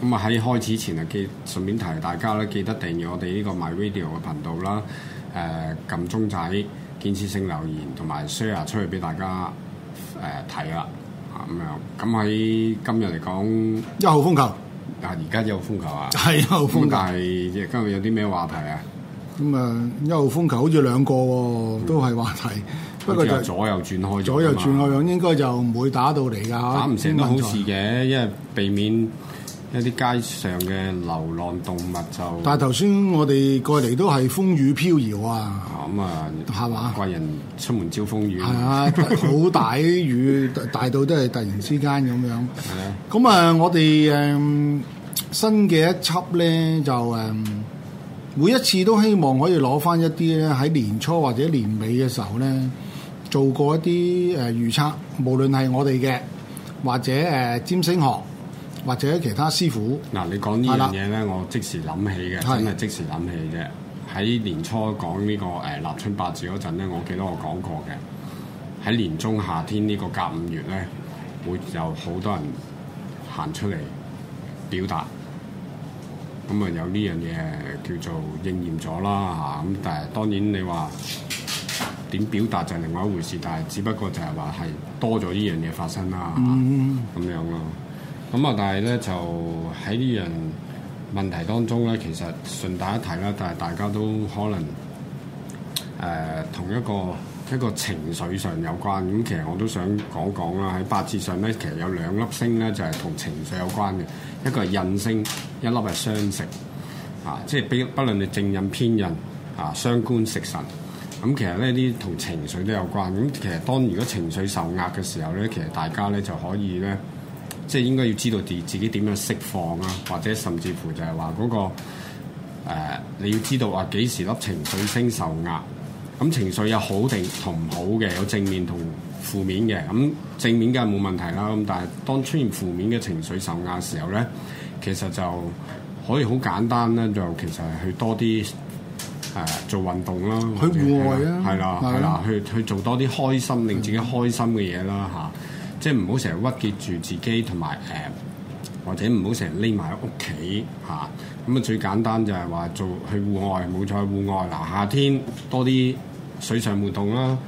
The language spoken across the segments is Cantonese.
咁啊喺開始前啊，記順便提大家咧，記得訂閱我哋呢個 my radio 嘅頻道啦。誒、呃，撳鐘仔，建設性留言同埋 share 出去俾大家誒睇啦。咁、呃、樣。咁喺、啊、今日嚟講，一號風球。啊，而家一號風球啊。係一號風球。咁但係，今日有啲咩話題啊？咁啊、嗯，一號風球好似兩個喎、哦，都係話題。嗯、不過就左右轉開。左右轉開樣應該就唔會打到嚟㗎。打唔成都好事嘅，族因為避免。一啲街上嘅流浪動物就，但係頭先我哋過嚟都係風雨飄搖啊！咁啊，係嘛吧？貴人出門招風雨，係啊！啊 好大雨，大到都係突然之間咁樣。係啊的！咁啊，我哋誒、嗯、新嘅一輯咧，就誒、嗯、每一次都希望可以攞返一啲咧，喺年初或者年尾嘅時候咧，做過一啲誒、呃、預測，無論係我哋嘅或者誒、呃、占星學。或者其他師傅嗱、啊，你講呢樣嘢咧，的我即時諗起嘅，的真係即時諗起嘅。喺年初講呢、呢個誒、欸、立春八字嗰陣咧，我記得我講過嘅。喺年中夏天呢個甲午月咧，會有好多人行出嚟表達。咁啊，有呢樣嘢叫做應驗咗啦嚇。咁、啊、但係當然你話點表達就係另外一回事，但係只不過就係話係多咗呢樣嘢發生啦咁、嗯、樣咯、啊。咁啊、嗯，但係咧就喺呢樣問題當中咧，其實順帶一提啦，但係大家都可能誒同、呃、一個一個情緒上有關。咁、嗯、其實我都想講講啦，喺八字上咧，其實有兩粒星咧就係、是、同情緒有關嘅，一個係印星，一粒係傷食啊，即係不不論你正印偏印啊，傷官食神。咁、嗯、其實呢啲同情緒都有關。咁、嗯、其實當如果情緒受壓嘅時候咧，其實大家咧就可以咧。即係應該要知道自己自己點樣釋放啊，或者甚至乎就係話嗰個、呃、你要知道話幾時粒情緒升受壓。咁、嗯、情緒有好定同唔好嘅，有正面同負面嘅。咁、嗯、正面梗係冇問題啦。咁但係當出現負面嘅情緒受壓嘅時候咧，其實就可以好簡單咧，就其實係去多啲誒、呃、做運動啦。去戶外啊，係啦，係啦，去去做多啲開心令自己開心嘅嘢啦，嚇。即係唔好成日屈結住自己，同埋誒，或者唔好成日匿埋喺屋企嚇。咁啊、嗯，最簡單就係話做去戶外，冇錯，去戶外嗱、啊。夏天多啲水上活動啦，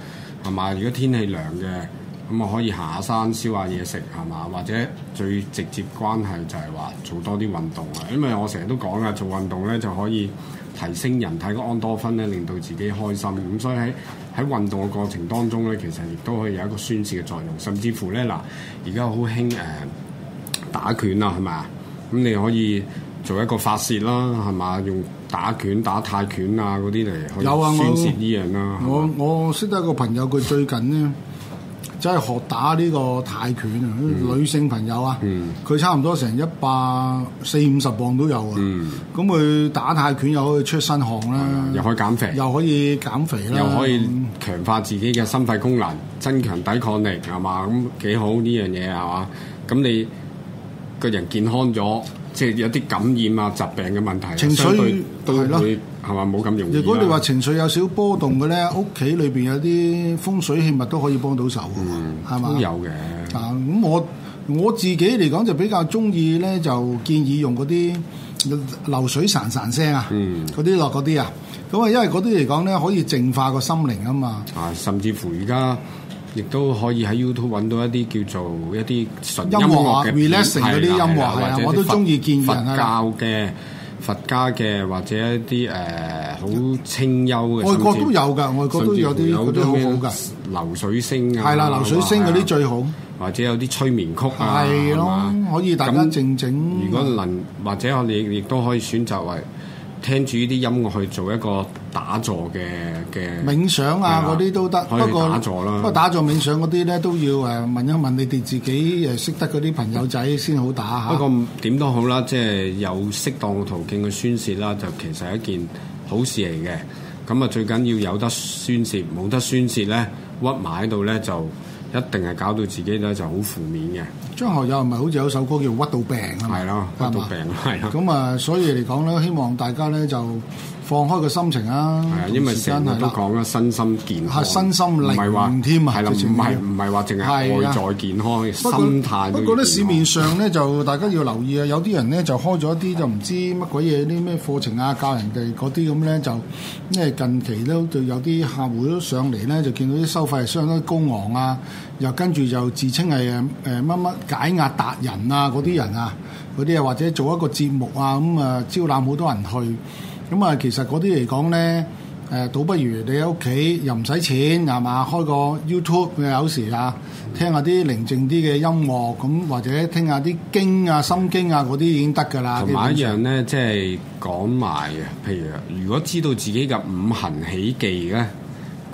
係、啊、嘛、啊？如果天氣涼嘅，咁啊可以行下山，燒下嘢食，係、啊、嘛？或者最直接關係就係話做多啲運動啊，因為我成日都講啊，做運動咧就可以提升人體個胺多酚咧，令到自己開心。咁、啊、所以喺喺運動嘅過程當中咧，其實亦都可以有一個宣泄嘅作用，甚至乎咧嗱，而家好興誒打拳啊，係咪？咁你可以做一個發泄啦，係嘛？用打拳、打泰拳啊嗰啲嚟，可以有啊！宣泄呢樣啦。我我識得一個朋友，佢最近咧，真係學打呢個泰拳啊，嗯、女性朋友啊，佢、嗯、差唔多成一百四五十磅都有啊。咁佢、嗯、打泰拳又可以出身汗啦，又可以減肥，又可以減肥啦，又可以強化自己嘅心肺功能，增強抵抗力，係嘛？咁幾好呢樣嘢，係嘛？咁你個人健康咗，即係有啲感染啊、疾病嘅問題，情緒對咯。係嘛？冇咁容易。如果你話情緒有少波動嘅咧，屋企裏邊有啲風水器物都可以幫到手嘅嘛，係嘛？都有嘅。啊，咁我我自己嚟講就比較中意咧，就建議用嗰啲流水潺潺聲啊，嗰啲落嗰啲啊。咁啊，因為嗰啲嚟講咧，可以淨化個心靈啊嘛。啊，甚至乎而家亦都可以喺 YouTube 揾到一啲叫做一啲純音樂 relaxing 嗰啲音樂，係啊，我都中意建議人教嘅。佛家嘅或者一啲誒好清幽嘅，外國都有㗎，有外國都有啲嗰啲好好㗎，流水聲啊，係啦的，流水聲嗰啲最好，或者有啲催眠曲啊，係咯的，吧可以大家靜靜。如果能或者我哋亦都可以選擇為。聽住呢啲音樂去做一個打坐嘅嘅冥想啊，嗰啲麼都得。不過打坐啦，不過打坐冥想嗰啲咧都要誒問一問你哋自己誒識得嗰啲朋友仔先好打吓。不，啊、不過點都好啦，即、就、係、是、有適當嘅途徑去宣泄啦，就其實係一件好事嚟嘅。咁啊，最緊要有得宣泄，冇得宣泄咧，屈埋喺度咧就。一定係搞到自己咧就好負面嘅。張學友係咪好似有首歌叫屈到病啊嘛？係咯，屈到病係咯。咁啊，所以嚟講咧，希望大家咧就。放開個心情啊！的因為成日間都講啦，身心健康，身心靈，唔係話唔係唔係話淨係外在健康嘅的心態不。不過咧，市面上咧 就大家要留意啊！有啲人咧就開咗一啲就唔知乜鬼嘢啲咩課程啊，教人哋嗰啲咁咧就，因為近期都對有啲客戶都上嚟咧，就見到啲收費相當高昂啊，又跟住就自稱係誒誒乜乜解壓達人啊嗰啲人啊，嗰啲 啊或者做一個節目啊咁啊招攬好多人去。咁啊，其實嗰啲嚟講咧，誒，倒不如你喺屋企又唔使錢，係嘛？開個 YouTube，佢有時啊，聽下啲寧靜啲嘅音樂，咁或者聽下啲經啊、心經啊嗰啲已經得㗎啦。同埋一樣咧，即係講埋啊，譬如如果知道自己嘅五行喜忌咧，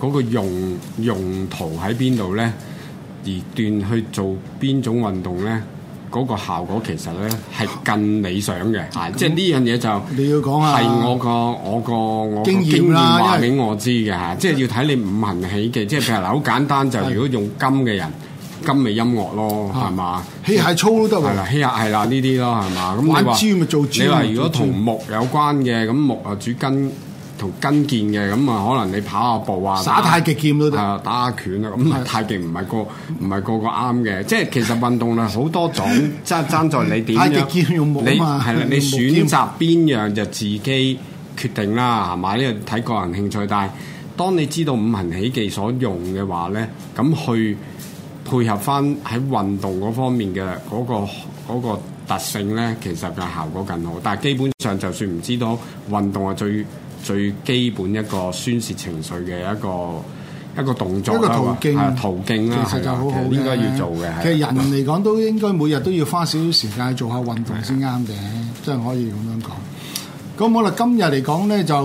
嗰個用用途喺邊度咧，而段去做邊種運動咧？嗰個效果其實咧係更理想嘅，係即係呢樣嘢就你要講下，係我個我個我經驗啦，話俾我知嘅嚇，即係要睇你五行喜忌，即係譬如嗱，好簡單就如果用金嘅人，金咪音樂咯，係嘛？器械粗都得喎，係啦，器械係啦，呢啲咯，係嘛？咁你話你話如果同木有關嘅，咁木啊主根。同跟腱嘅咁啊，可能你跑下步啊，耍太極劍都得，打下拳啊，咁啊。的太極，唔係個，唔係個個啱嘅， 即係其實運動咧好多種，爭爭 在你點樣太極劍用木啊，係啦，你選擇邊樣就自己決定啦，係嘛？呢個睇個人興趣，但係，當你知道五行喜忌所用嘅話咧，咁去配合翻喺運動嗰方面嘅嗰、嗰個嗰個特性咧，其實嘅效果更好，但係基本上就算唔知道運動係最最基本一個宣泄情緒嘅一個一個動作，一個途徑啊，途徑啦，其實就好好應該要做嘅。其實人嚟講都應該每日都要花少少時間做下運動先啱嘅，即係的可以咁樣講。咁的好啦今日嚟講咧，就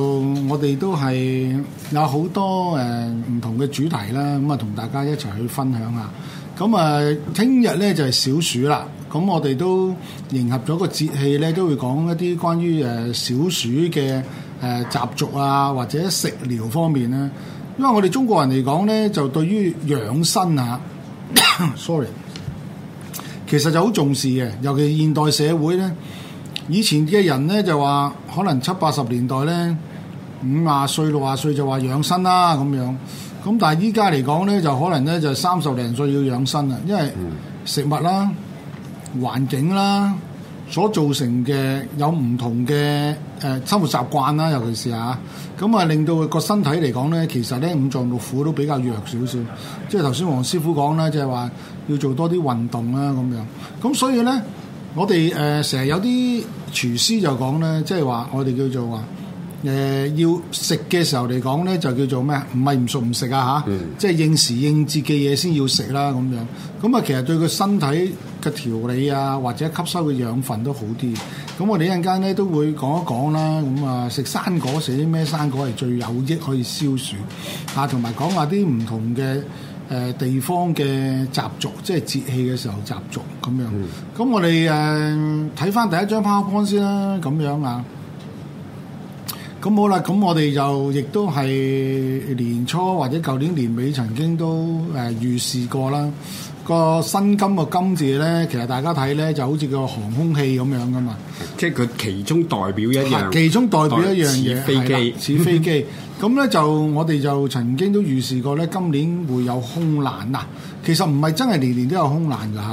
我哋都係有好多誒唔、呃、同嘅主題啦。咁啊，同大家一齊去分享下。咁啊，聽日咧就係、是、小暑啦。咁我哋都迎合咗個節氣咧，都會講一啲關於誒、呃、小暑嘅。誒習俗啊，或者食療方面呢，因為我哋中國人嚟講呢，就對於養生啊 ，sorry，其實就好重視嘅，尤其現代社會呢，以前嘅人呢，就話，可能七八十年代呢，五啊歲六啊歲就話養生啦咁樣，咁但係依家嚟講呢，就可能呢，就三十零歲要養生啦、啊，因為食物啦、啊、環境啦、啊。所造成嘅有唔同嘅誒、呃、生活習慣啦，尤其是啊，咁啊令到佢個身體嚟講咧，其實咧五臟六腑都比較弱少少。即係頭先黃師傅講啦，即係話要做多啲運動啦、啊、咁樣。咁所以咧，我哋誒成日有啲廚師就講咧，即係話我哋叫做話誒、呃、要食嘅時候嚟講咧，就叫做咩？唔係唔熟唔食啊吓，即、啊、係、就是、應時應節嘅嘢先要食啦咁樣。咁啊，其實對個身體嘅調理啊，或者吸收嘅養分都好啲。咁我哋一陣間咧都會講一講啦。咁啊，食生果，食啲咩生果係最有益可以消暑啊，同埋講下啲唔同嘅誒地方嘅習俗，即係節氣嘅時候習俗咁樣。咁我哋誒睇翻第一張 PowerPoint 先啦，咁樣啊。咁好啦，咁我哋就亦都係年初或者舊年年尾曾經都誒預示過啦。個新金個金字咧，其實大家睇咧就好似個航空器咁樣噶嘛，即係佢其中代表一樣，其中代表一樣嘢，飛機，似了 飛機。咁咧就我哋就曾經都預示過咧，今年會有空難嗱。其實唔係真係年年都有空難嘅嚇，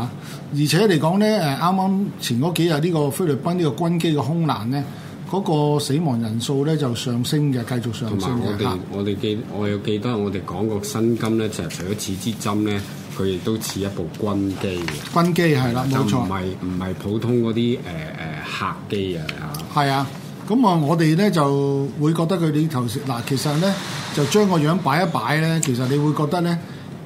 而且嚟講咧誒，啱啱前嗰幾日呢、呢個菲律賓呢個軍機嘅空難咧，嗰、嗰個死亡人數咧就上升嘅，繼續上升，我哋 我哋記得我有記得我哋講過個新金咧，就係除咗似支針咧。佢亦都似一部軍機嘅，軍機係啦，冇錯，唔係唔係普通嗰啲誒誒客機啊嚇。係啊，咁啊，我哋咧就會覺得佢哋頭先嗱，其實咧就將個樣擺一擺咧，其實你會覺得咧。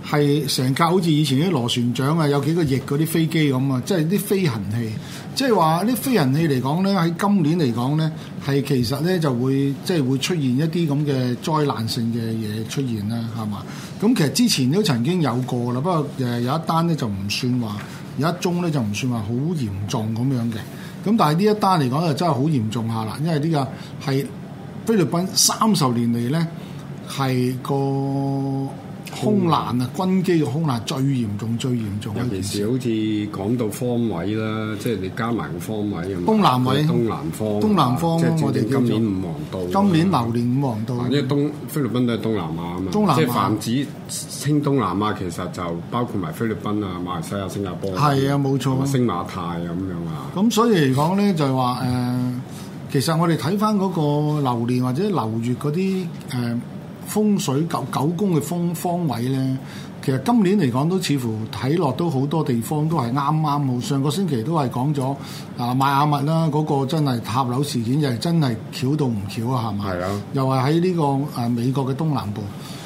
係成架好似以前啲螺旋槳啊，有幾個翼嗰啲飛機咁啊，即係啲飛行器。即係話啲飛行器嚟講呢，喺今年嚟講呢，係其實呢就會即係、就是、會出現一啲咁嘅災難性嘅嘢出現啦，係嘛？咁其實之前都曾經有過啦，不過誒有一單呢就唔算話，有一宗呢就唔算話好嚴重咁樣嘅。咁但係呢一單嚟講就真係好嚴重下啦，因為呢個係菲律賓三十年嚟呢，係個。空難啊，軍機嘅空難最嚴重，最嚴重一件事，尤其是好似講到方位啦，即係你加埋個方位咁。東南位，東南方，東南方，即係我哋今年五黃道。今年流年五黃道。因為東菲律賓都係東南亞啊嘛，即係泛指稱東南亞其實就包括埋菲律賓啊、馬來西亞、新加坡。係啊，冇錯。星馬泰咁樣啊。咁所以嚟講咧，就係話誒，其實我哋睇返嗰個流年或者流月嗰啲誒。呃風水九九宮嘅風方位咧，其實今年嚟講都似乎睇落都好多地方都係啱啱好。上個星期都係講咗啊，邁阿密啦嗰、那個真係塔樓事件，哦、又係真係巧到唔巧啊，係、呃、嘛？係啊，又係喺呢個誒美國嘅東南部。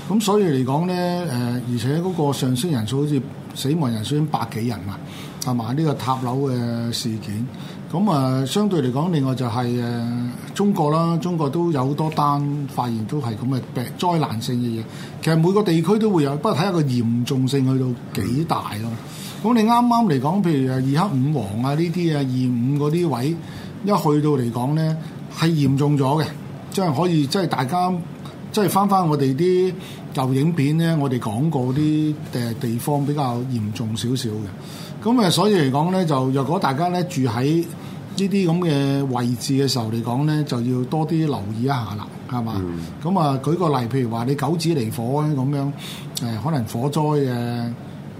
咁所以嚟講咧誒、呃，而且嗰個上升人數好似死亡人數已經百幾人啊，係嘛？呢、這個塔樓嘅事件。咁啊，相對嚟講，另外就係、是、誒、呃、中國啦，中國都有好多單發現都係咁嘅災難性嘅嘢。其實每個地區都會有， 不過睇一個嚴重性去到幾大咯、啊。咁你啱啱嚟講，譬如誒二黑五黃啊呢啲啊，二五嗰啲位，一去到嚟講咧，係嚴重咗嘅，即係可以即係大家即係翻翻我哋啲舊影片咧，我哋講過啲誒地方比較嚴重少少嘅。咁啊，所以嚟講咧，就若果大家咧住喺呢啲咁嘅位置嘅時候嚟講咧，就要多啲留意一下啦，係嘛？咁啊、嗯，舉個例，譬如話你九紫離火咁樣，誒，可能火災嘅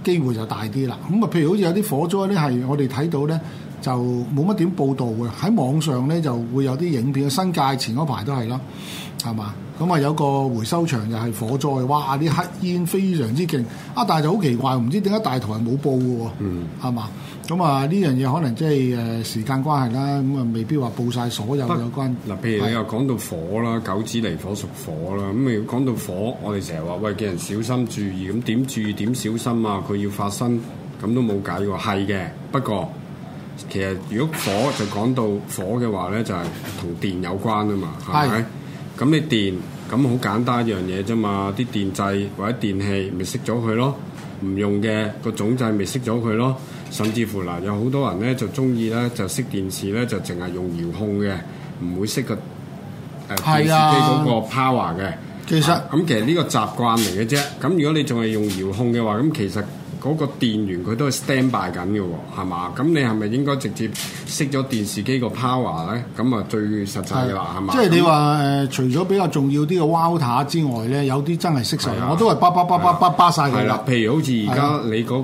機會就大啲啦。咁啊，譬如好似有啲火災咧，係我哋睇到咧就冇乜點報道嘅，喺網上咧就會有啲影片。新界前嗰排都係咯。係嘛？咁啊有個回收場就係火災，哇！啲黑煙非常之勁啊！但係就好奇怪，唔知點解大台係冇報嘅喎。嗯，係嘛？咁啊呢樣嘢可能即係誒時間關係啦，咁、嗯、啊未必話報晒所有有關。嗱，譬、啊、如你又講到火啦，九紫離火屬火啦，咁啊講到火，我哋成日話喂，叫人小心注意，咁點注意點小心啊？佢要發生咁都冇計喎。係嘅，不過其實如果火就講到火嘅話咧，就係、是、同電有關啊嘛，係咪？咁你電咁好簡單一樣嘢啫嘛，啲電掣或者電器咪熄咗佢咯，唔用嘅個總掣咪熄咗佢咯，甚至乎嗱有好多人咧就中意咧就熄電視咧就淨係用遙控嘅，唔會熄個誒電視機嗰個 power 嘅。啊、其實咁、啊、其實呢個習慣嚟嘅啫，咁如果你仲係用遙控嘅話，咁其實。嗰個電源佢都係 standby 緊嘅喎，係嘛？咁你係咪應該直接熄咗電視機個 power 咧？咁啊最實際嘅啦，係嘛的？吧即係你話誒，那除咗比較重要啲嘅 wall 塔之外咧，有啲真係熄晒，的我都係巴巴巴巴巴巴晒佢。啦的，譬如好似而家你嗰、那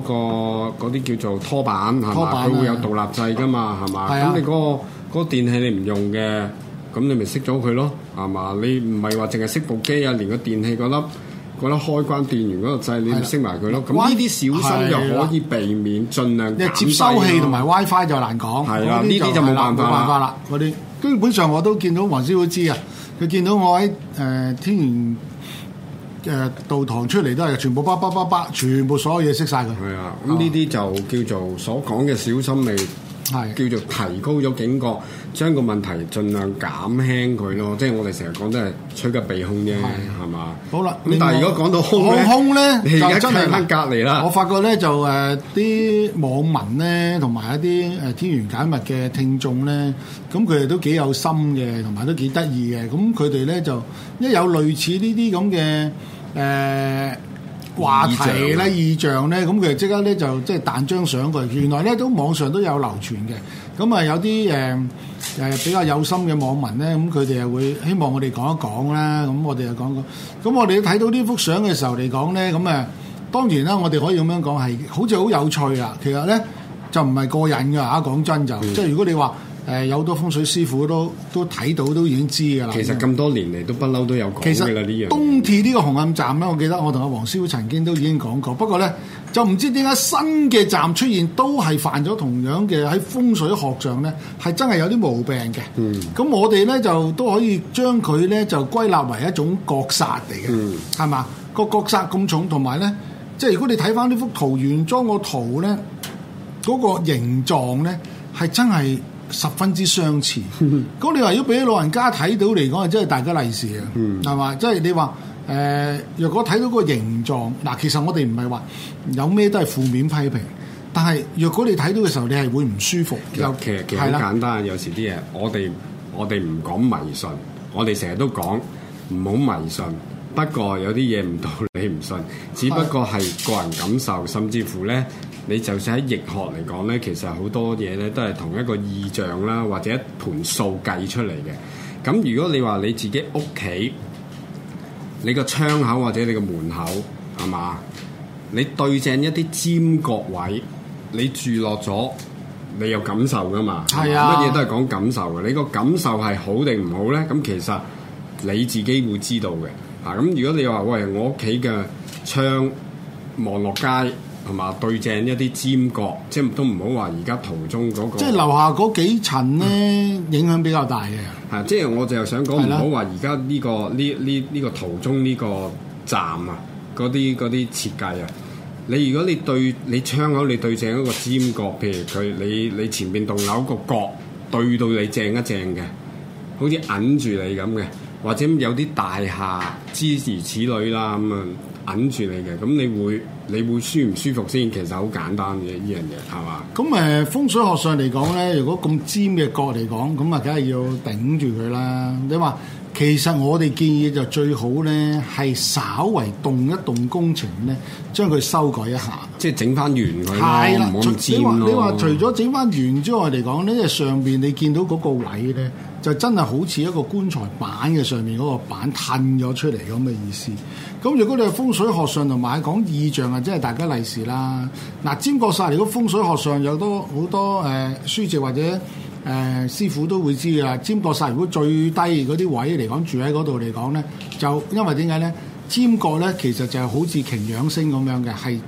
個嗰啲的、那個、叫做拖板，係嘛？佢板會有獨立掣㗎嘛，係嘛？咁的你嗰、那個嗰、那個、電器你唔用嘅，咁你咪熄咗佢咯，係嘛？你唔係話淨係熄部機啊，連個電器嗰粒。嗰粒開關電源嗰個掣，你熄埋佢咯。咁呢啲小心就可以避免盡量，儘量接收器同埋 WiFi 就難講。係啦，呢啲就冇辦法，冇辦法啦。嗰啲基本上我都見到黃師傅知啊，佢見到我喺誒天然誒道堂出嚟都係全部叭叭叭叭，全部所有嘢熄晒佢。係啊，咁呢啲就叫做所講嘅小心味。係叫做提高咗警覺，將個問題盡量減輕佢咯。即係我哋成日講都係趨吉避兇啫，係嘛？好啦，咁但係如果講到兇咧，兇兇咧就真係喺隔離啦。我發覺咧就誒啲、呃、網民咧，同埋一啲誒天玄解密嘅聽眾咧，咁佢哋都幾有心嘅，同埋都幾得意嘅。咁佢哋咧就一有類似呢啲咁嘅誒。呃話題咧、異象咧，咁佢哋即刻咧就即係彈張相過嚟，原來咧都網上都有流傳嘅。咁啊，有啲誒誒比較有心嘅網民咧，咁佢哋係會希望我哋講一講啦。咁我哋又講一講。咁我哋睇到呢幅相嘅時候嚟講咧，咁誒當然啦，我哋可以咁樣講係，好似好有趣啊。其實咧就唔係過癮噶，講真就即係、嗯、如果你話。誒，有好多風水師傅都都睇到，都已經知噶啦。其實咁多年嚟，都不嬲都有講嘅啦。其實呢樣東鐵呢個紅磡站咧，我記得我同阿黃師傅曾經都已經講過。不過咧，就唔知點解新嘅站出現都係犯咗同樣嘅。喺風水學上咧，係真係有啲毛病嘅。嗯，咁我哋咧就都可以將佢咧就歸納為一種角煞嚟嘅，係嘛，嗯？個角煞咁重，同埋咧，即係如果你睇翻呢幅圖原裝個圖咧，嗰個形狀咧係真係。十分之相似，咁 你話要俾老人家睇到嚟講，係真係大家利 是啊，係嘛？即係你話誒，若果睇到個形狀，嗱，其實我哋唔係話有咩都係負面批評，但係若果你睇到嘅時候，你係會唔舒服嘅，其實其實。簡單，的有時啲嘢，我哋我哋唔講迷信，我哋成日都講唔好迷信，不過有啲嘢唔到你唔信，只不過係個人感受，甚至乎咧。 你就算喺易學嚟講咧，其實好多嘢咧都係同一個意象啦，或者一盤數計出嚟嘅。咁如果你話你自己屋企，你個窗口或者你個門口，係嘛？你對正一啲尖角位，你住落咗，你有感受噶嘛？係啊，乜嘢都係講感受嘅。你個感受係好定唔好咧？咁其實你自己會知道嘅。啊，咁如果你話喂，我屋企嘅窗望落街。係嘛？對正一啲尖角，即係都唔好話而家途中嗰個。即係樓下嗰幾層咧，嗯、影響比較大嘅。係，即係我就係想講，唔好話而家呢個呢呢呢個途中呢個站啊，嗰啲啲設計啊。你如果你對你窗口你對正一個尖角，譬如佢你你前面棟樓個角對到你正一正嘅，好似揞住你咁嘅，或者有啲大廈諸如此、此類啦咁啊揞住你嘅，咁你會。你會舒唔舒服先？其實好簡單嘅呢樣嘢，係嘛？咁誒，風水學上嚟講咧，如果咁尖嘅角嚟講，咁啊，梗係要頂住佢啦。你話？其實我哋建議就最好咧，係稍為動一動工程咧，將佢修改一下。即係整翻圓佢係啦，你話你話除咗整翻圓之外嚟講，呢個上邊你見到嗰個位咧，就真係好似一個棺材板嘅上面嗰個板褪咗出嚟咁嘅意思。咁如果你係風水學上同埋講意象啊，即係大家利是啦。嗱，尖角煞嚟，個風水學上有多好多誒、呃、書籍或者。誒、呃、師傅都會知㗎，尖角煞如果最低嗰啲位嚟講，住喺嗰度嚟講咧，就因為點解咧？尖角咧其實就係好似擎羊星咁樣嘅，係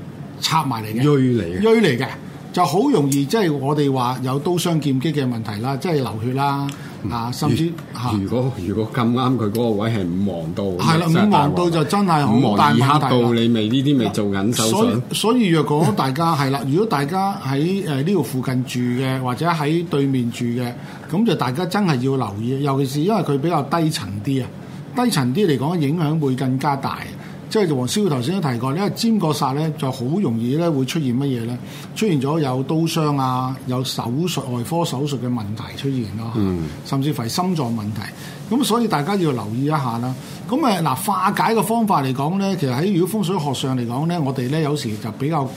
插埋嚟嘅，鋸嚟嘅，鋸嚟嘅，就好容易即係、就是、我哋話有刀傷劍擊嘅問題啦，即、就、係、是、流血啦。啊！甚至，嗯、如果、啊、如果咁啱佢嗰個位係五黃道，係啦的，五黃道就真係好，五黃二黑道你未呢啲咪做緊手信、啊。所以，所以若果大家係啦， 如果大家喺誒呢度附近住嘅，或者喺對面住嘅，咁就大家真係要留意，尤其是因為佢比較低層啲啊，低層啲嚟講影響會更加大。即係黃師傅頭先都提過，因為尖角煞咧就好容易咧會出現乜嘢咧？出現咗有刀傷啊，有手術外科手術嘅問題出現咯，嗯、甚至係心臟問題。咁所以大家要留意一下啦。咁誒嗱，化解嘅方法嚟講咧，其實喺如果風水學上嚟講咧，我哋咧有時就比較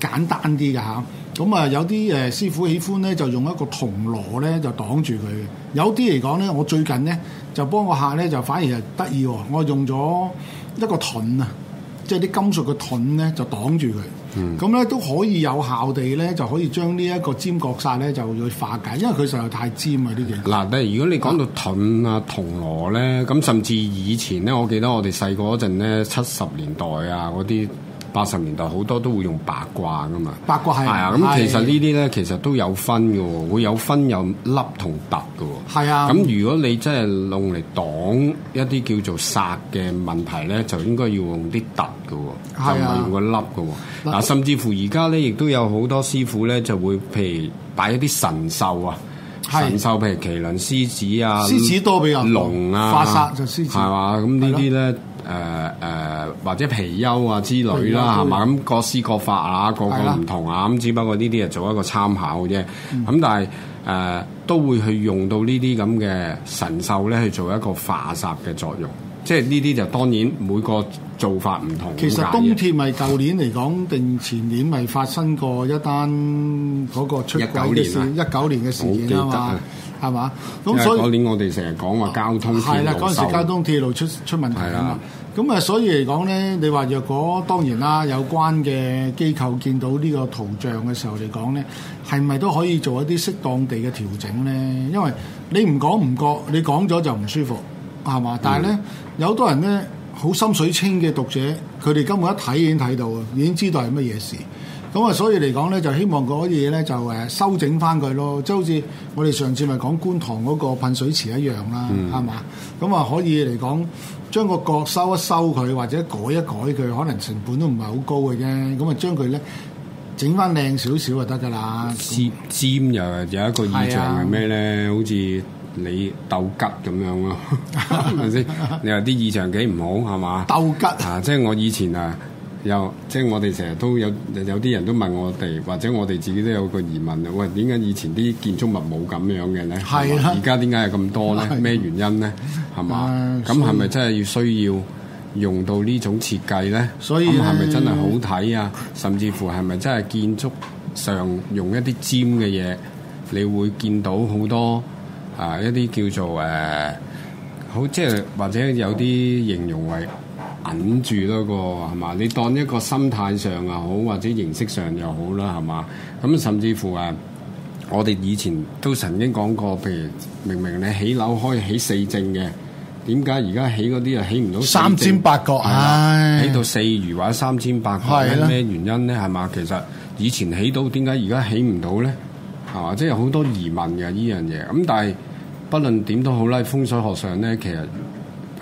簡單啲㗎吓。咁啊，有啲誒師傅喜歡咧就用一個銅鑼咧就擋住佢嘅。有啲嚟講咧，我最近咧就幫個客咧就反而係得意喎，我用咗。一個盾啊，即係啲金屬嘅盾咧，就擋住佢。咁咧、嗯、都可以有效地咧，就可以將呢一個尖角煞咧，就會化解，因為佢實在太尖啊！呢啲嘢嗱，你如果你講到盾啊、銅鑼咧，咁甚至以前咧，我記得我哋細個嗰陣咧，七十年代啊，嗰啲。八十年代好多都會用八卦噶嘛，八卦係，係啊，咁、啊啊、其實呢啲咧其實都有分嘅，會有分有凹同凸嘅。係啊，咁如果你真係用嚟擋一啲叫做煞嘅問題咧，就應該要用啲凸嘅，就唔係用個凹嘅。嗱、啊，甚至乎而家咧亦都有好多師傅咧就會譬如擺一啲神獸啊，神獸譬如麒麟、獅子啊，獅子多比較多龍啊，化煞就獅子係嘛，咁呢啲咧。誒誒、呃、或者貔貅啊之類啦，係嘛，咁各施各法啊，個個唔同啊，咁是的 只不過呢啲係做一個參考啫。咁、嗯、但係誒、呃、都會去用到呢啲咁嘅神獸咧，去做一個化煞嘅作用。即係呢啲就係、當然每個做法唔同。其實東鐵咪舊年嚟講定前年咪發生過一單嗰個出軌嘅事，一九年嘅、啊、事件啦嘛。我記得啊。係嘛？咁所以嗰年我哋成日講話交通，係啦，嗰陣時交通鐵路出出問題啊嘛。咁啊，所以嚟講咧，你話若果當然啦，有關嘅機構見到呢個圖像嘅時候嚟講咧，係咪都可以做一啲適當地嘅調整咧？因為你唔講唔覺，你講咗就唔舒服，係嘛？但係咧，有好多人咧好心水清嘅讀者，佢哋根本一睇已經睇到啊，已經知道係乜嘢事。咁啊，所以嚟講咧，就希望嗰啲嘢咧就誒修整翻佢咯，即係好似我哋上次咪講觀塘嗰個噴水池一樣啦，係嘛，嗯？咁啊，可以嚟講將個角收一收佢，或者改一改佢，可能成本都唔係好高嘅啫。咁啊，將佢咧整翻靚少少就得㗎啦。尖尖又有一個異象呢，係咩咧？ 好似你鬥吉咁樣咯，係咪先？你話啲異象幾唔好係嘛？鬥吉啊！即係我以前啊～有，即係我哋成日都有有啲人都問我哋，或者我哋自己都有個疑問啦。喂，點解以前啲建築物冇咁樣嘅咧？而家點解係咁多咧？咩原因咧？係嘛？咁係咪真係要需要用到呢種設計咧？所以，係咪真係好睇啊？甚至乎係咪真係建築上用一啲尖嘅嘢，你會見到好多啊一啲叫做誒，好即係或者有啲形容為。忍住咯，個係嘛？你當一個心態上又好，或者形式上又好啦，係嘛？咁甚至乎誒，我哋以前都曾經講過，譬如明明你起樓可以起四正嘅，點解而家起嗰啲又起唔到？三尖八角？係吧，起到，哎、四餘或者三尖八角係咩原因咧？係嘛？其實以前起到，點解而家起唔到咧？係嘛？即係有好多疑問嘅呢樣嘢。咁但係不論點都好啦，風水學上咧，其實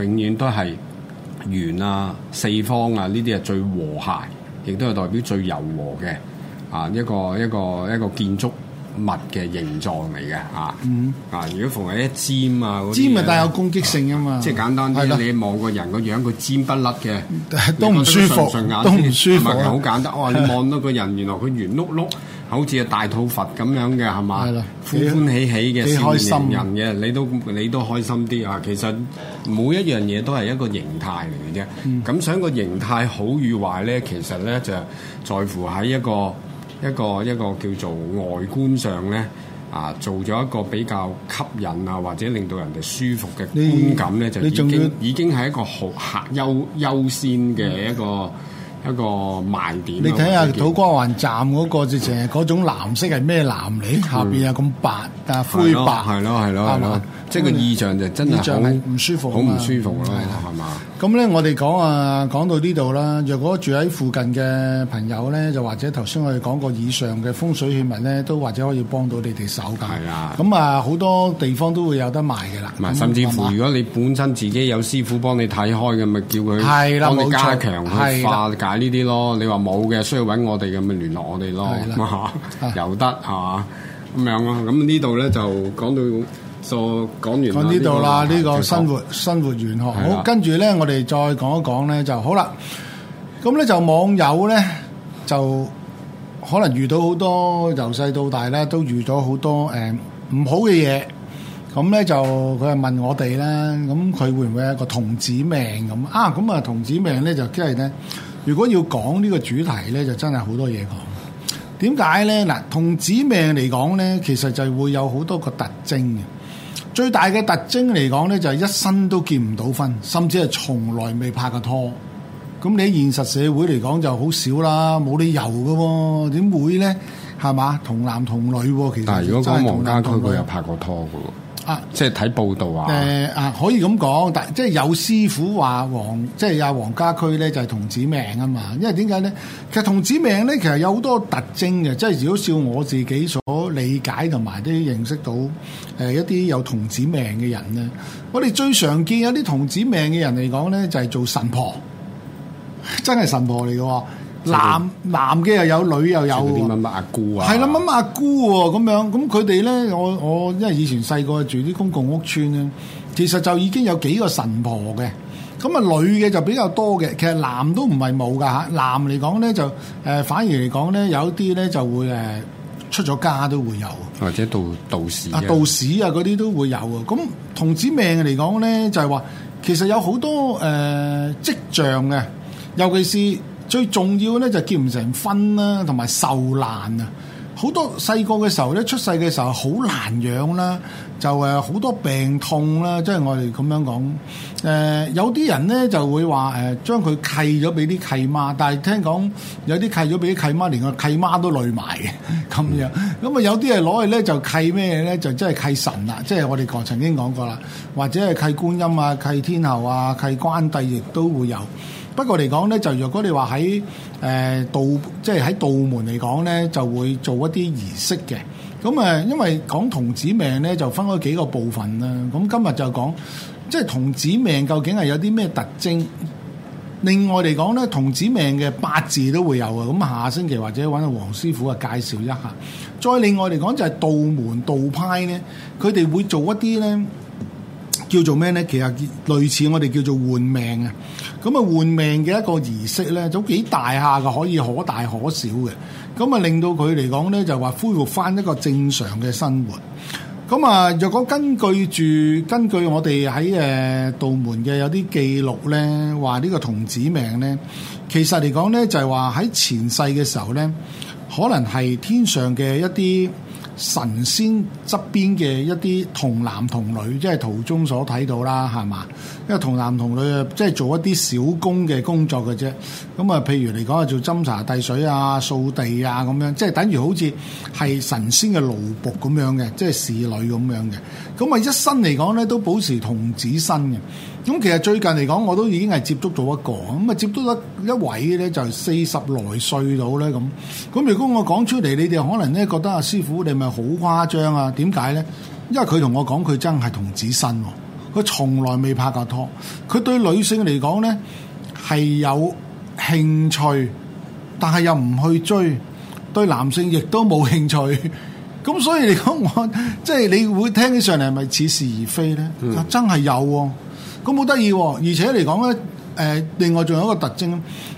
永遠都係。圓啊、四方啊，呢啲係最和諧，亦都係代表最柔和嘅啊一個一個一個建築物嘅形狀嚟嘅啊。嗯啊，如果逢係一尖啊，尖咪帶有攻擊性啊嘛。啊即係簡單啲，係嘅你望個人個樣，佢尖不甩嘅，都唔舒服，順唔順眼都唔舒服，啊。好簡單，哇、啊！你望到個人，原來佢圓碌碌。好似大肚佛咁樣嘅係嘛，歡的歡喜喜嘅善人開心人嘅，你都你都開心啲啊！其實每一樣嘢都係一個形態嚟嘅啫。咁、嗯、所以個形態好與壞咧，其實咧就在乎喺一個一個一個，一個叫做外觀上咧啊，做咗一個比較吸引啊，或者令到人哋舒服嘅觀感咧，你就已經已經係一個好客優優先嘅一個。嗯一個賣點，你睇下土瓜灣站嗰個直情係嗰種藍色係咩藍嚟？下邊又咁白但灰白，係咯係咯係咯，即係個意象就真係好唔舒服，好唔舒服咯，係嘛？咁咧，我哋講啊，講到呢度啦。若果住喺附近嘅朋友咧，就或者頭先我哋講過以上嘅風水器物咧，都或者可以幫到你哋手㗎。係啊，咁啊，好多地方都會有得賣㗎啦。唔係，甚至乎如果你本身自己有師傅幫你睇開嘅，咪叫佢幫你加強去、啊、化解呢啲咯。啊、你話冇嘅，需要揾我哋咁，咪聯絡我哋咯。係啦、啊，嚇， 由得嚇，咁樣啊，咁、啊、呢度咧就講到。就講、so, 完呢度啦呢個生活邊生活玄學的好，跟住咧我哋再講一講咧就好啦。咁咧就網友咧就可能遇到好多由細到大啦，都遇到多、呃、好多誒唔好嘅嘢。咁咧就佢係問我哋咧，咁佢會唔會係一個童子命咁啊？咁啊童子命咧就即係咧，如果要講呢個主題咧，就真係好多嘢講。點解咧嗱？童子命嚟講咧，其實就會有好多個特徵嘅。最大嘅特徵嚟講咧，就係、是、一生都結唔到婚，甚至係從來未拍過拖。咁你喺現實社會嚟講就好少啦，冇理由嘅喎、喔，點會咧？係嘛，同男同女、喔、其實。但如果講黃家駒，佢有拍過拖嘅喎。啊！即係睇報道啊！誒、呃、啊，可以咁講，但即係有師傅話黃，即係阿黃家駒咧，就係童子命啊嘛。因為點解咧？其實童子命咧，其實有好多特徵嘅。即係如果照我自己所理解同埋都認識到誒、呃、一啲有童子命嘅人咧，我哋最常見有啲童子命嘅人嚟講咧，就係、是、做神婆，真係神婆嚟嘅。男男嘅又有，女又有喎。啲乜乜阿姑啊，係啦，乜乜阿姑喎、啊，咁樣咁佢哋咧，我我因為以前細個住啲公共屋邨，咧，其實就已經有幾個神婆嘅。咁啊，女嘅就比較多嘅。其實男都唔係冇噶嚇。男嚟講咧，就誒、呃、反而嚟講咧，有啲咧就會誒出咗家都會有，或者道道士啊，道士啊嗰啲都會有啊。咁童子命嚟講咧，就係、是、話其實有好多誒、呃、跡象嘅，尤其是。最重要咧就結唔成婚啦，同埋受難啊！好多細個嘅時候咧，出世嘅時候好難養啦，就誒好多病痛啦，即係我哋咁樣講誒。有啲人咧就會話誒將佢契咗俾啲契媽，但係聽講有啲契咗俾啲契媽，連個契媽都累埋嘅咁樣。咁啊有啲係攞嚟咧就契咩咧？就真係契神啦，即係我哋講曾經講過啦，或者係契觀音啊、契天后啊、契關帝亦都會有。不過嚟講咧，就如果你話喺誒道，即係喺道門嚟講咧，就會做一啲儀式嘅。咁誒，因為講童子命咧，就分開幾個部分啦。咁今日就講，即係童子命究竟係有啲咩特徵？另外嚟講咧，童子命嘅八字都會有啊。咁下星期或者揾阿黃師傅啊，介紹一下。再另外嚟講就係道門道派咧，佢哋會做一啲咧，叫做咩咧？其實類似我哋叫做換命啊。咁啊，換命嘅一個儀式咧，都幾大下嘅，可以可大可小嘅。咁啊，令到佢嚟講咧，就話恢復翻一個正常嘅生活。咁啊，若果根據住根據我哋喺誒道門嘅有啲記錄咧，話呢個童子命咧，其實嚟講咧就係話喺前世嘅時候咧，可能係天上嘅一啲。神仙側邊嘅一啲童男童女，即係途中所睇到啦，係嘛？因為童男童女啊，即係做一啲小工嘅工作嘅啫。咁啊，譬如嚟講啊，做斟茶遞水啊、掃地啊咁樣，即係等於好似係神仙嘅奴僕咁樣嘅，即係侍女咁樣嘅。咁啊，一生嚟講咧，都保持童子身嘅。咁其實最近嚟講，我都已經係接觸到一個，咁啊接觸得一位咧就係、四十來歲到咧咁。咁如果我講出嚟，你哋可能咧覺得阿師傅你咪好誇張啊？點解咧？因為佢同我講佢真係童子身、啊，佢從來未拍過拖。佢對女性嚟講咧係有興趣，但係又唔去追。對男性亦都冇興趣。咁 所以嚟講，我即係你會聽起上嚟係咪似是而非咧？嗯、啊，真係有。咁好得意，而且嚟講咧，誒、呃、另外仲有一個特徵，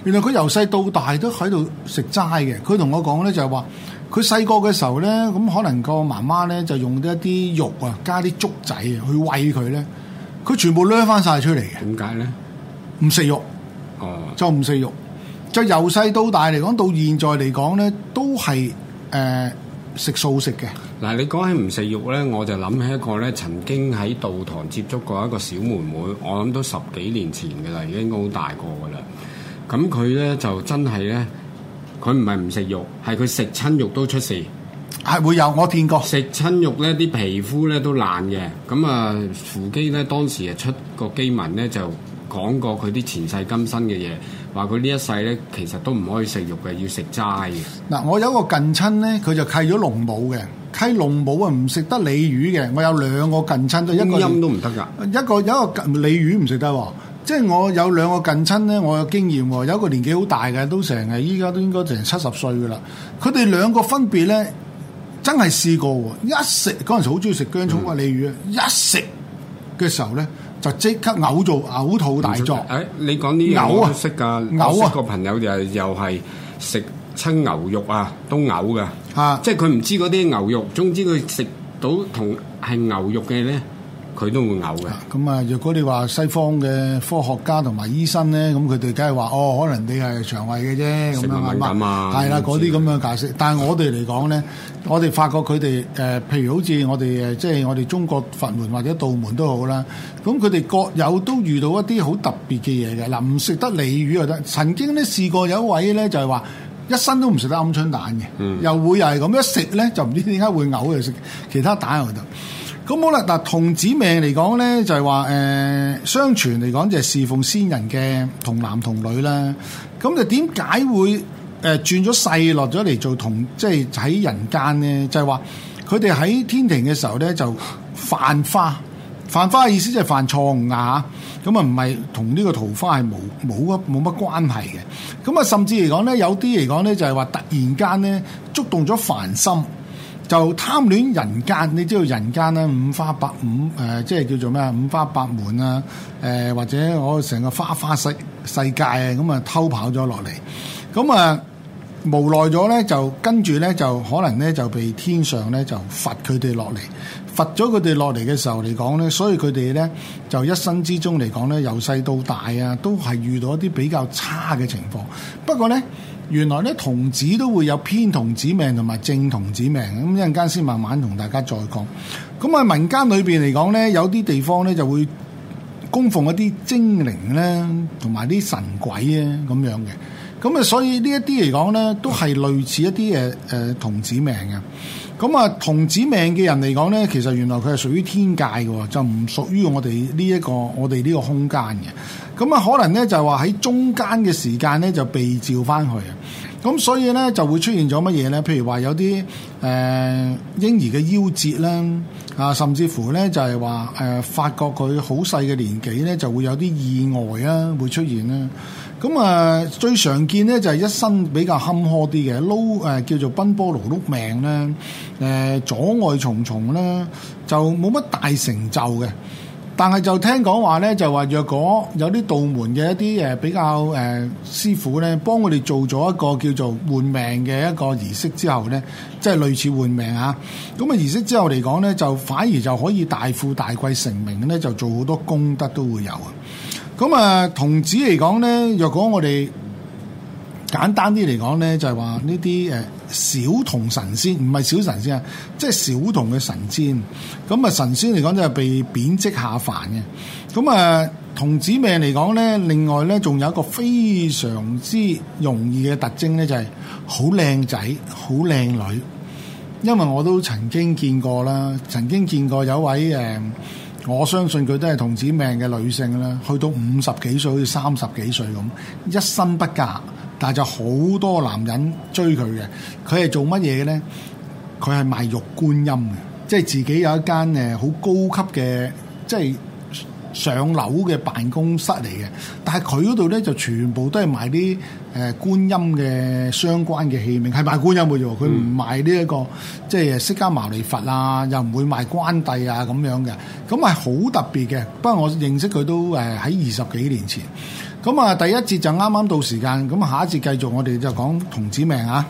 原來佢由細到大都喺度食齋嘅。佢同我講咧就係話，佢細個嘅時候咧，咁可能個媽媽咧就用一啲肉啊，加啲粥仔啊去餵佢咧，佢全部掠翻晒出嚟嘅。點解咧？唔食肉，哦，就唔食肉，就由細到大嚟講，到現在嚟講咧，都係誒、呃、食素食嘅。嗱，你講起唔食肉呢，我就諗起一個咧，曾經喺道堂接觸過一個小妹妹，我諗都十幾年前嘅啦，已經好大個嘅啦。咁佢呢，就真係呢，佢唔係唔食肉，係佢食親肉都出事，係會有我見過食親肉呢啲皮膚呢都爛嘅。咁啊，扶乩呢當時啊出個乩文呢，就講過佢啲前世今生嘅嘢，話佢呢一世呢其實都唔可以食肉嘅，要食齋嘅。嗱，我有一個近親呢，佢就契咗龍母嘅。溪龍母啊，唔食得鯉魚嘅。我有兩個近親，都一個都唔得噶。一個音音一個鯉魚唔食得，即係我有兩個近親咧。我有經驗，有一個年紀好大嘅，都成日，依家都應該成七十歲噶啦。佢哋兩個分別咧，真係試過，一食嗰陣時好中意食姜葱啊鯉魚，嗯、一食嘅時候咧就即刻嘔做，嘔吐大作。哎，你講呢啲好出色噶，呃呃、我一個、呃呃、朋友又係又係食。親牛肉啊，都嘔嘅，即係佢唔知嗰啲牛肉。總之佢食到同係牛肉嘅咧，佢都會嘔嘅。咁啊，如果你話西方嘅科學家同埋醫生咧，咁佢哋梗係話哦，可能你係腸胃嘅啫咁樣啊嘛，係啦，嗰啲咁嘅解釋。但係我哋嚟講咧，我哋發覺佢哋誒，譬如好似我哋誒，即係我哋中國佛門或者道門都好啦。咁佢哋各有都遇到一啲好特別嘅嘢嘅嗱，唔食得鯉魚又得。曾經咧試過有一位咧就係話。一身都唔食得鵪鶉蛋嘅，嗯，又會又係咁樣食咧，就唔知點解會嘔嘅，食其他蛋又得。咁好啦，嗱童子命嚟講咧，就係話誒，相傳嚟講就係侍奉仙人嘅童男童女啦。咁就點解會誒、呃、轉咗世落咗嚟做童，即係喺人間咧？就係話佢哋喺天庭嘅時候咧，就犯花犯花嘅意思即係犯錯誤牙。啊咁啊，唔係同呢個桃花係冇冇乜冇乜關係嘅。咁啊，甚至嚟講咧，有啲嚟講咧，就係、是、話突然間咧觸動咗凡心，就貪戀人間。你知道人間咧五花八五誒、呃，即係叫做咩啊五花八門啊誒、呃，或者我成個花花世世界啊，咁啊偷跑咗落嚟。咁啊、呃、無奈咗咧，就跟住咧就可能咧就被天上咧就罰佢哋落嚟。罰咗佢哋落嚟嘅時候嚟講呢，所以佢哋呢就一生之中嚟講呢由細到大啊，都係遇到一啲比較差嘅情況。不過呢，原來呢童子都會有偏童子命同埋正童子命，咁一陣間先慢慢同大家再講。咁啊，民間裏邊嚟講呢有啲地方呢就會供奉一啲精靈呢同埋啲神鬼啊咁樣嘅。咁啊，所以呢一啲嚟講呢都係類似一啲誒誒童子命嘅。咁啊，童子命嘅人嚟講呢，其實原來佢係屬於天界嘅，就唔屬於我哋呢一個我哋呢個空間嘅。咁啊，可能呢就係話喺中間嘅時間呢，就被召翻去啊。咁所以呢就會出現咗乜嘢呢？譬如話有啲誒嬰兒嘅夭折啦，啊，甚至乎呢就係話誒發覺佢好細嘅年紀呢，就會有啲意外啊，會出現呢。咁啊，最常見咧就係一生比較坎坷啲嘅，撈誒、呃、叫做奔波勞碌命咧，誒、呃、阻礙重重咧，就冇乜大成就嘅。但係就聽講話咧，就話若果有啲道門嘅一啲誒比較誒、呃、師傅咧，幫我哋做咗一個叫做換命嘅一個儀式之後咧，即係類似換命啊。咁嘅儀式之後嚟講咧，就反而就可以大富大貴成名咧，就做好多功德都會有啊。咁啊，童子嚟講咧，若果我哋簡單啲嚟講咧，就係話呢啲誒小童神仙，唔係小神仙啊，即係小童嘅神仙。咁啊，神仙嚟講就係被貶職下凡嘅。咁啊，童子命嚟講咧，另外咧仲有一個非常之容易嘅特徵咧，就係好靚仔，好靚女。因為我都曾經見過啦，曾經見過有位誒。呃我相信佢都係童子命嘅女性啦，去到五十幾歲好似三十幾歲咁，一生不嫁，但係就好多男人追佢嘅。佢係做乜嘢嘅咧？佢係賣玉觀音嘅，即係自己有一間誒好高級嘅，即係上樓嘅辦公室嚟嘅。但係佢嗰度咧就全部都係賣啲，誒觀音嘅相關嘅器皿，係賣觀音嘅啫，佢唔賣呢一個，即係釋迦牟尼佛啊，又唔會賣關帝啊咁樣嘅，咁係好特別嘅。不過我認識佢都誒喺二十幾年前。咁啊，第一節就啱啱到時間，咁下一節繼續我哋就講童子命啊。